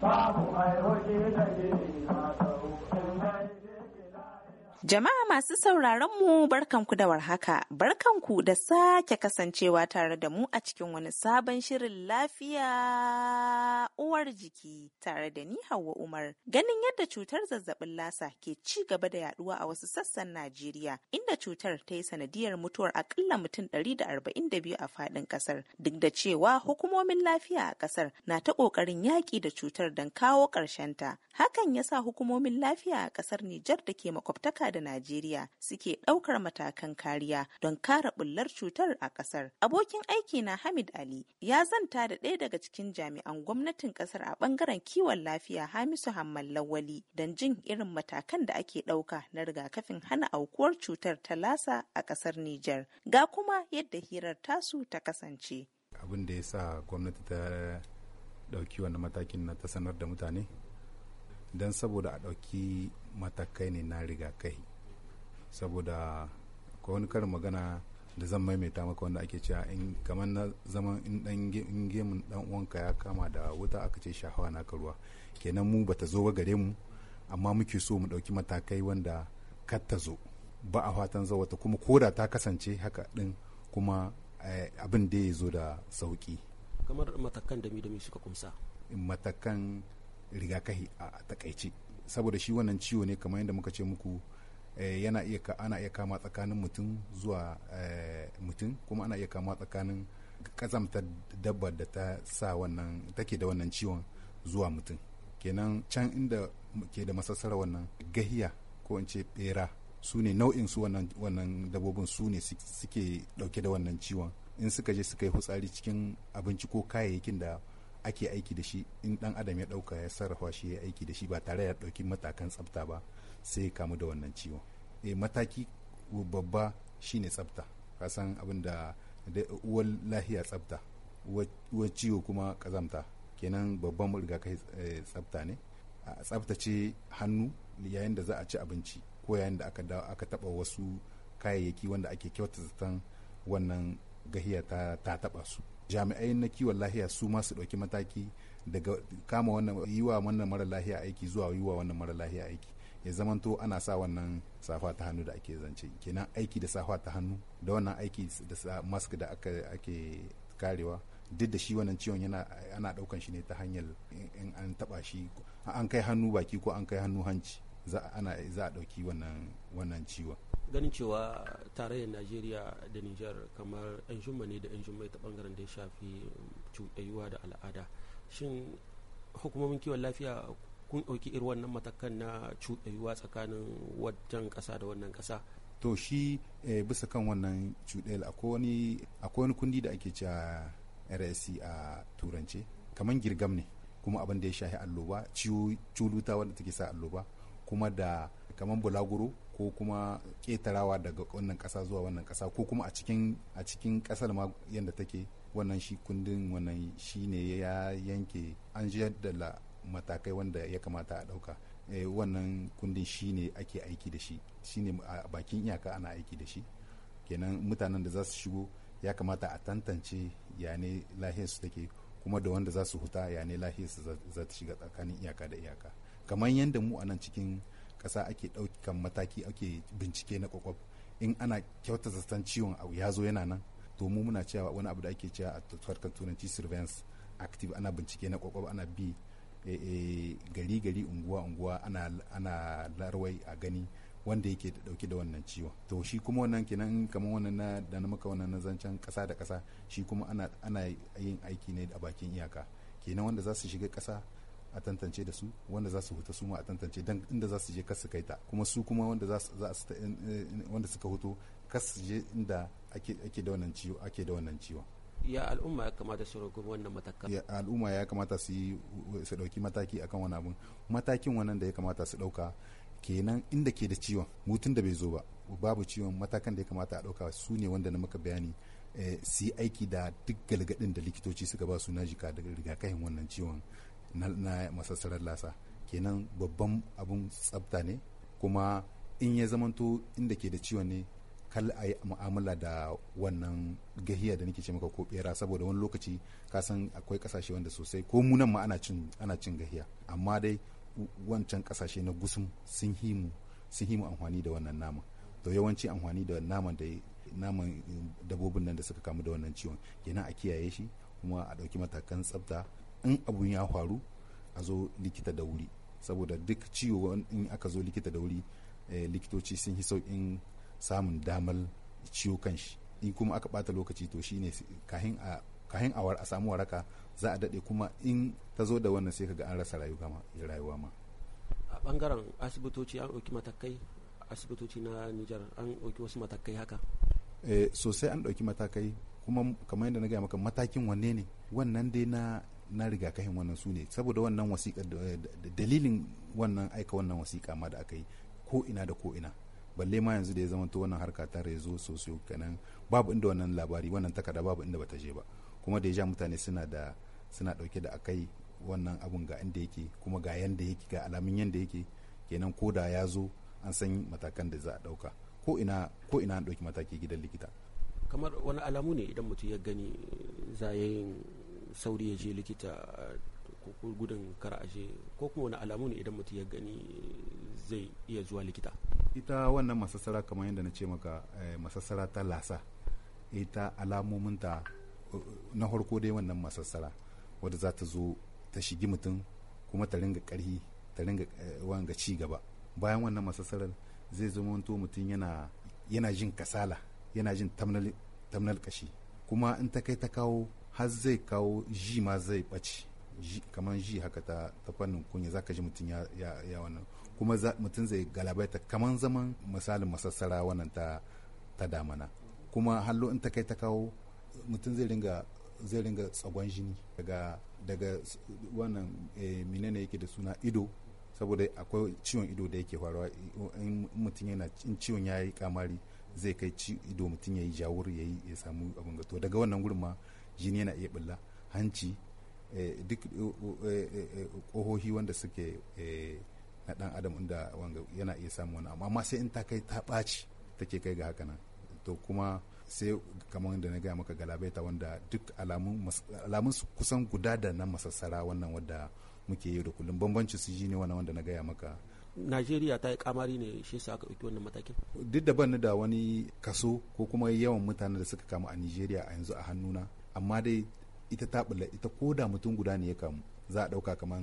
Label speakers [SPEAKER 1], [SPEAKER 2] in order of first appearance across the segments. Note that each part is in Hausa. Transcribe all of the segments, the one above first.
[SPEAKER 1] Babu mai hoji da ke
[SPEAKER 2] Jama'a masu sauraron mu barkanku da warhaka, barkanku da sake kasancewa tare da mu a cikin wani sabon shirin lafiya uwar jiki tare da ni Hauwa Umar. Ganin yadda cutar zazzabin lasa ke ci gaba da yaduwa a wasu sassan Najeriya, inda cutar ta yi sanadiyar mutuwar akalla mutum da da arba'in biyu a faɗin ƙasar, duk da cewa hukumomin lafiya a ƙasar na ta ƙoƙarin yaƙi da cutar don kawo ƙarshenta. Hakan ya sa hukumomin lafiya a ƙasar Nijar da ke makwabtaka da da Najeriya suke ɗaukar matakan kariya don kare bullar cutar a ƙasar. Abokin aiki na Hamid Ali ya zanta da ɗaya daga cikin jami'an gwamnatin ƙasar a ɓangaren kiwon lafiya Hamisu Hammal Lawali don jin irin matakan da ake ɗauka na rigakafin hana aukuwar cutar ta lasa a ƙasar Nijar. Ga kuma yadda hirar tasu ta kasance.
[SPEAKER 3] Abin da ya sa gwamnati ta ɗauki wani matakin na ta sanar da mutane don saboda a ɗauki matakai ne na rigakafi saboda akwai wani karin magana da zan maimaita maka wanda ake cewa in kamar na zaman in dan gemun dan uwanka ya kama da wuta aka ce shahawa na karuwa kenan mu bata zo ga gare mu amma muke so mu dauki matakai wanda kar ta zo ba a fatan wata kuma koda ta kasance haka din kuma eh, abin da ya zo da sauki
[SPEAKER 1] kamar matakan da mi suka kumsa
[SPEAKER 3] matakan rigakahi a takaice saboda shi wannan ciwo ne kamar yadda muka ce muku Eh, yana iya ana iya kama tsakanin mutum zuwa eh, mutum kuma ana iya kama tsakanin kazamtar dabba da ta sa wannan take da wannan ciwon zuwa mutum kenan can inda ke da masassara wannan gahiya ko in ce bera su ne nau'in su wannan dabobin su ne suke dauke da wannan ciwon in suka je suka yi hutsari cikin abinci ko kayayyakin da ake aiki da shi in dan adam ya dauka ya sarrafa shi ya aiki da shi ba tare ya dauki matakan tsafta ba sai ya kamu da wannan ciwon e eh, mataki babba shine tsafta kasan abin da uwar lahiya tsafta uwar ciwo kuma kazamta kenan babban kai eh, tsafta ne a tsaftace hannu yayin da za a ci abinci ko yayin da aka aka taba wasu kayayyaki wanda ake kyautata zaton wannan gahiya ta, ta taba su jami'ai na kiwon lahiya su ma su ɗauki mataki daga kama wannan yi wannan mara lahiya aiki zuwa yi wannan mara lahiya aiki ya zamanto ana sa wannan safa ta hannu da ake zance kenan aiki da safa ta hannu da wannan aiki da mask da aka ake karewa duk da shi wannan ciwon yana ana daukan shi ne ta hanyar in an taba shi an kai hannu baki ko an kai hannu hanci za ana za a dauki wannan wannan ciwon
[SPEAKER 1] ganin cewa tarayyar najeriya da niger kamar yan jumma ne da yan jumma ta bangaren da ya shafi cuɗayuwa da al'ada shin hukumomin kiwon lafiya kun ɗauki irin wannan matakan na cuɗayuwa tsakanin wajen ƙasa da wannan ƙasa
[SPEAKER 3] to shi eh, bisa kan wannan cuɗayar akwai wani kundi da ake cewa rsc a turance kamar girgam ne kuma abin da ya shahi alloba ciwo wanda take sa alloba kuma da kamar bulaguro ko kuma ƙetarawa daga wannan ƙasa zuwa wannan kasa ko kuma a cikin a cikin ma yadda take wannan shi kundin wannan shi ne ya yanke an jiyar da matakai wanda ya kamata a ɗauka eh, wannan kundin shi ne ake aiki da shi shi ne a bakin iyaka ana aiki da shi kenan mutanen da za su shigo ya kamata a tantance ya ne lahiyarsu take kuma da wanda za su huta ya ne lahiyarsu za ta shiga tsakanin iyaka da iyaka kamar yadda mu a nan cikin ƙasa ake ɗaukan mataki ake bincike na kwakwab in ana kyauta ciwon abu ya zo yana nan to mu muna cewa wani abu da ake cewa a farkar turanci surveillance active ana bincike na kwakwab ana bi Eh, eh, gari gari unguwa unguwa ana ana larwai a gani wanda yake dauke da wannan ciwon to shi kuma wannan kenan kamar wannan na da na maka wannan na zancen kasa da kasa shi kuma ana ana yin aiki ne a bakin iyaka kenan wanda za su shiga kasa a tantance da su wanda za su huta su ma a tantance dan inda za su je kasu kai ta kuma su kuma wanda za su eh, wanda suka huto kasu je inda ake da wannan ciwo ake da wannan ciwon
[SPEAKER 1] ya al'umma ya kamata su roƙi wannan matakan ya
[SPEAKER 3] al'umma ya kamata su yi su ɗauki mataki akan wani abun matakin wannan da ya kamata su ɗauka kenan inda ke da ciwon mutun da bai zo ba babu ciwon matakan da ya kamata a ɗauka su ne wanda na maka bayani eh, su yi aiki da duk galgadin da likitoci suka ba su na jika da rigakafin wannan ciwon na masassarar lasa kenan babban abun tsafta ne kuma in ya zamanto inda ke da ciwon ne kal a yi mu'amala da wannan gahiya da nake ce maka ko bera saboda wani lokaci ka san akwai kasashe wanda sosai ko mu nan ma ana cin gahiya amma dai wancan kasashe na gusum sun himu sun himu amfani da wannan nama to yawanci amfani da naman da naman dabobin nan da suka kamu da wannan ciwon kenan a kiyaye shi kuma a ɗauki matakan tsafta in abun ya faru a zo likita da wuri saboda duk ciwo in aka zo likita da wuri eh, likitoci sun yi sauƙin samun damar ciwo kan shi in kuma aka bata lokaci to shi ne kahin awar a samu waraka za a dade kuma in ta zo da wannan sai ka ga an rasa rayuwa ma
[SPEAKER 1] a bangaren asibitoci an ɗauki matakai asibitoci na Nijar an ɗauki wasu matakai haka
[SPEAKER 3] eh, sosai an ɗauki matakai kuma kamar yadda na gaya maka matakin wanne ne wannan dai na na rigakafin wannan su ne saboda wannan wasiƙa dalilin wannan aika wannan wasiƙa ma da aka yi ko ina da ko ina balle ma yanzu da ya zama to wannan harka ta rezo sosio kenan babu inda wannan labari wannan takarda babu inda bata je ba kuma da ya mutane suna da suna dauke da akai wannan abun ga inda yake kuma ga yanda yake ga alamun yanda yake kenan ko da ya zo an san matakan da za a dauka ko ina ko ina an dauki mataki gidan likita
[SPEAKER 1] kamar wani alamu ne idan mutum ya gani za yin sauri ya je likita ko gudun kar ko kuma wani alamu ne idan mutum ya gani zai iya zuwa likita
[SPEAKER 3] ita wannan masassara kamar yadda na ce maka eh, masassara ta lasa ita alamominta eh, na harko dai wannan masassara wadda za ta zo ta shigi mutum kuma ta ringa karhi ta ringa eh, wanga ci gaba bayan wannan masassarar zai zama wanto mutum yana yana jin kasala yana jin tamnal kashi kuma in ta kai ta kawo har zai kawo ji ma zai ɓaci kamar ji haka ta fannin kunya za ka ji mutum ya wannan kuma mutum zai galabaita kamar zaman misalin masassara wannan ta ta damana kuma hallo in ta kai ta kawo mutum zai ringa zai ringa tsagon jini daga daga wannan eh, menene yake da suna ido saboda akwai ciwon ido da yake faruwa in mutum yana in ciwon ya yi kamari zai kai ci ido mutum ya yi jawur ya yi ya samu abin gato daga wannan gurin ma jini yana iya bulla hanci eh, duk eh, ƙohohi wanda suke na dan adam inda wanga yana iya samun wani amma sai in ta kai ta ɓaci take kai ga haka nan to kuma sai kamar da na gaya maka galabaita wanda duk alamun kusan guda da na masassara wannan wadda muke yi da kullum bambanci su ji ne wannan wanda na gaya maka
[SPEAKER 1] Najeriya ta yi kamari ne shi sa aka ɗauki wannan matakin.
[SPEAKER 3] Duk da ban da wani kaso ko kuma yawan mutanen da suka kamu a Najeriya a yanzu a hannuna amma dai ita ta ita ko da mutum guda ne ya kamu za a ɗauka kamar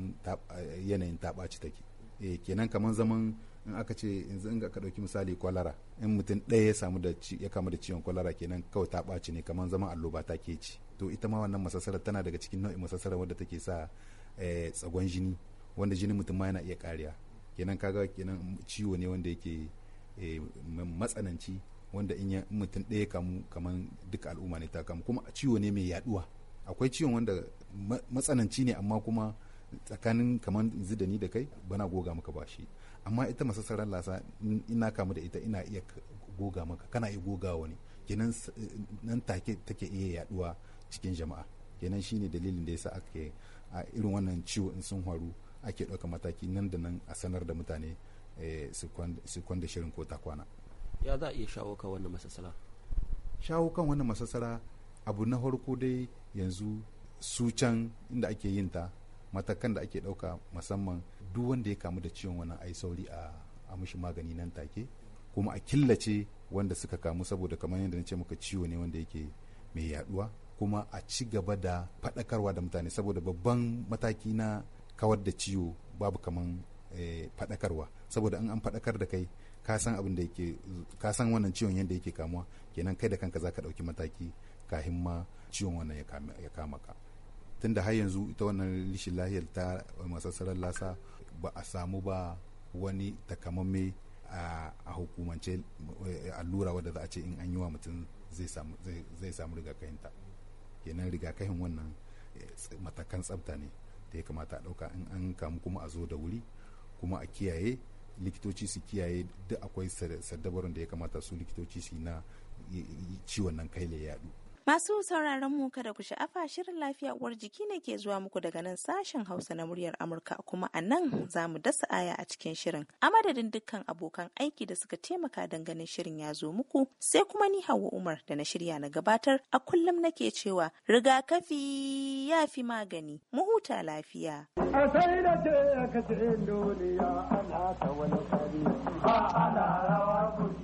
[SPEAKER 3] eh, yanayin taɓaci take. Eh, kenan kamar zaman in aka ce yanzu in ka ɗauki misali kwalara in mutum ɗaya ya samu da ya kamu da ciwon kwalara kenan kawai ta ɓaci ne kamar zaman alloba ta ke ci to ita ma wannan masasarar tana daga cikin nau'in masasarar wadda take sa eh, tsagon jini wanda jinin mutum ma yana iya kariya kenan kaga kenan ciwo ne wanda yake eh, matsananci wanda in ya mutum ɗaya kamu kamar duka al'umma ne ta kamu kuma ciwo ne mai yaduwa akwai ciwon wanda matsananci ne amma kuma tsakanin kamar yanzu da ni da kai bana goga maka shi amma ita masassarar lasa ina kamu da ita ina iya goga maka kana iya goga wani kenan nan take take iya yaduwa cikin jama'a kenan shine dalilin da yasa ake a irin wannan ciwo in sun faru ake ɗauka mataki nan da nan a sanar da mutane eh, su kwanda shirin ko takwana ya za a iya shawo kan wannan masasara shawo kan wannan masasara abu na farko dai yanzu su can inda ake yin ta matakan da ake ɗauka musamman duk wanda ya kamu da ciwon wannan ai sauri a a mishi magani nan take kuma a killace wanda suka kamu saboda kamar yadda na ce muka ciwo ne wanda yake mai yaduwa kuma a ci gaba da faɗakarwa da mutane saboda babban mataki na kawar da ciwo babu kaman eh, faɗakarwa saboda in an faɗakar da kai ka san abin da yake ka san wannan ciwon yadda yake kamuwa kenan kai da kanka zaka ɗauki mataki kafin ma ciwon wannan ya kama ka Tun da har yanzu ita wannan rishin lahiyar ta masassarar lasa ba a samu ba wani takamamme a hukumance eh, allura wadda za a ce in an yi wa mutum zai samu rigakahinta kenan rigakahin wannan eh, matakan tsabta ne da ya kamata a ɗauka in an kamu kuma a zo da wuri kuma a kiyaye likitoci su kiyaye duk akwai sadabarun da ya kamata su likitoci su na ciwon nan kai ya yadu
[SPEAKER 2] Masu sauraron mu kada ku sha'afa shirin lafiya uwar jiki ne ke zuwa muku daga nan sashen Hausa na muryar Amurka kuma a nan za mu dasa aya a cikin shirin. A madadin dukkan abokan aiki da suka taimaka don ganin shirin ya zo muku sai kuma ni Hauwa Umar da na shirya na gabatar a kullum nake cewa rigakafi ya fi magani mu huta lafiya. A ka duniya ana ta wani